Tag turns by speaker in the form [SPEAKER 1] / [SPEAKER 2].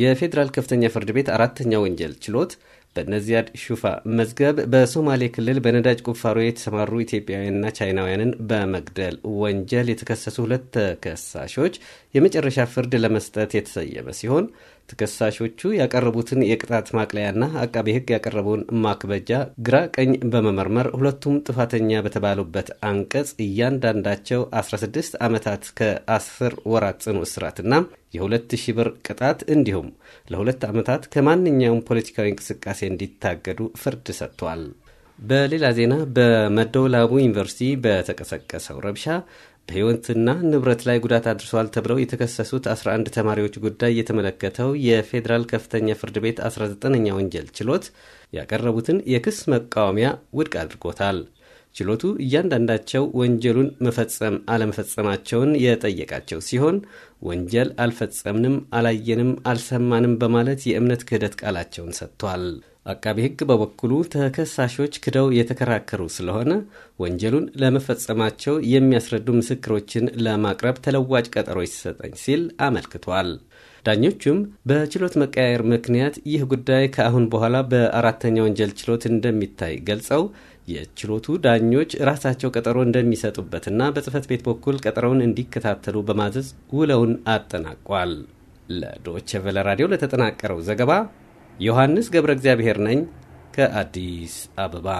[SPEAKER 1] የፌዴራል ከፍተኛ ፍርድ ቤት አራተኛ ወንጀል ችሎት በነዚያድ ሹፋ መዝገብ በሶማሌ ክልል በነዳጅ ቁፋሮ የተሰማሩ ኢትዮጵያውያንና ቻይናውያንን በመግደል ወንጀል የተከሰሱ ሁለት ተከሳሾች የመጨረሻ ፍርድ ለመስጠት የተሰየመ ሲሆን ተከሳሾቹ ያቀረቡትን የቅጣት ማቅለያና አቃቤ ሕግ ያቀረበውን ማክበጃ ግራ ቀኝ በመመርመር ሁለቱም ጥፋተኛ በተባሉበት አንቀጽ እያንዳንዳቸው 16 ዓመታት ከ10 ወራት ጽኑ እስራትና የሁለት ሺህ ብር ቅጣት እንዲሁም ለሁለት ዓመታት ከማንኛውም ፖለቲካዊ እንቅስቃሴ እንዲታገዱ ፍርድ ሰጥቷል። በሌላ ዜና በመደወላቡ ዩኒቨርሲቲ በተቀሰቀሰው ረብሻ በሕይወትና ንብረት ላይ ጉዳት አድርሷል ተብለው የተከሰሱት 11 ተማሪዎች ጉዳይ የተመለከተው የፌዴራል ከፍተኛ ፍርድ ቤት 19ኛ ወንጀል ችሎት ያቀረቡትን የክስ መቃወሚያ ውድቅ አድርጎታል። ችሎቱ እያንዳንዳቸው ወንጀሉን መፈጸም አለመፈጸማቸውን የጠየቃቸው ሲሆን ወንጀል አልፈጸምንም፣ አላየንም፣ አልሰማንም በማለት የእምነት ክህደት ቃላቸውን ሰጥቷል። አቃቢ ሕግ በበኩሉ ተከሳሾች ክደው የተከራከሩ ስለሆነ ወንጀሉን ለመፈጸማቸው የሚያስረዱ ምስክሮችን ለማቅረብ ተለዋጭ ቀጠሮ ይሰጠኝ ሲል አመልክቷል። ዳኞቹም በችሎት መቀያየር ምክንያት ይህ ጉዳይ ከአሁን በኋላ በአራተኛ ወንጀል ችሎት እንደሚታይ ገልጸው የችሎቱ ዳኞች ራሳቸው ቀጠሮ እንደሚሰጡበትና በጽህፈት ቤት በኩል ቀጠሮውን እንዲከታተሉ በማዘዝ ውለውን አጠናቋል። ለዶቼ ቬለ ራዲዮ ለተጠናቀረው ዘገባ ዮሐንስ ገብረ እግዚአብሔር ነኝ ከአዲስ አበባ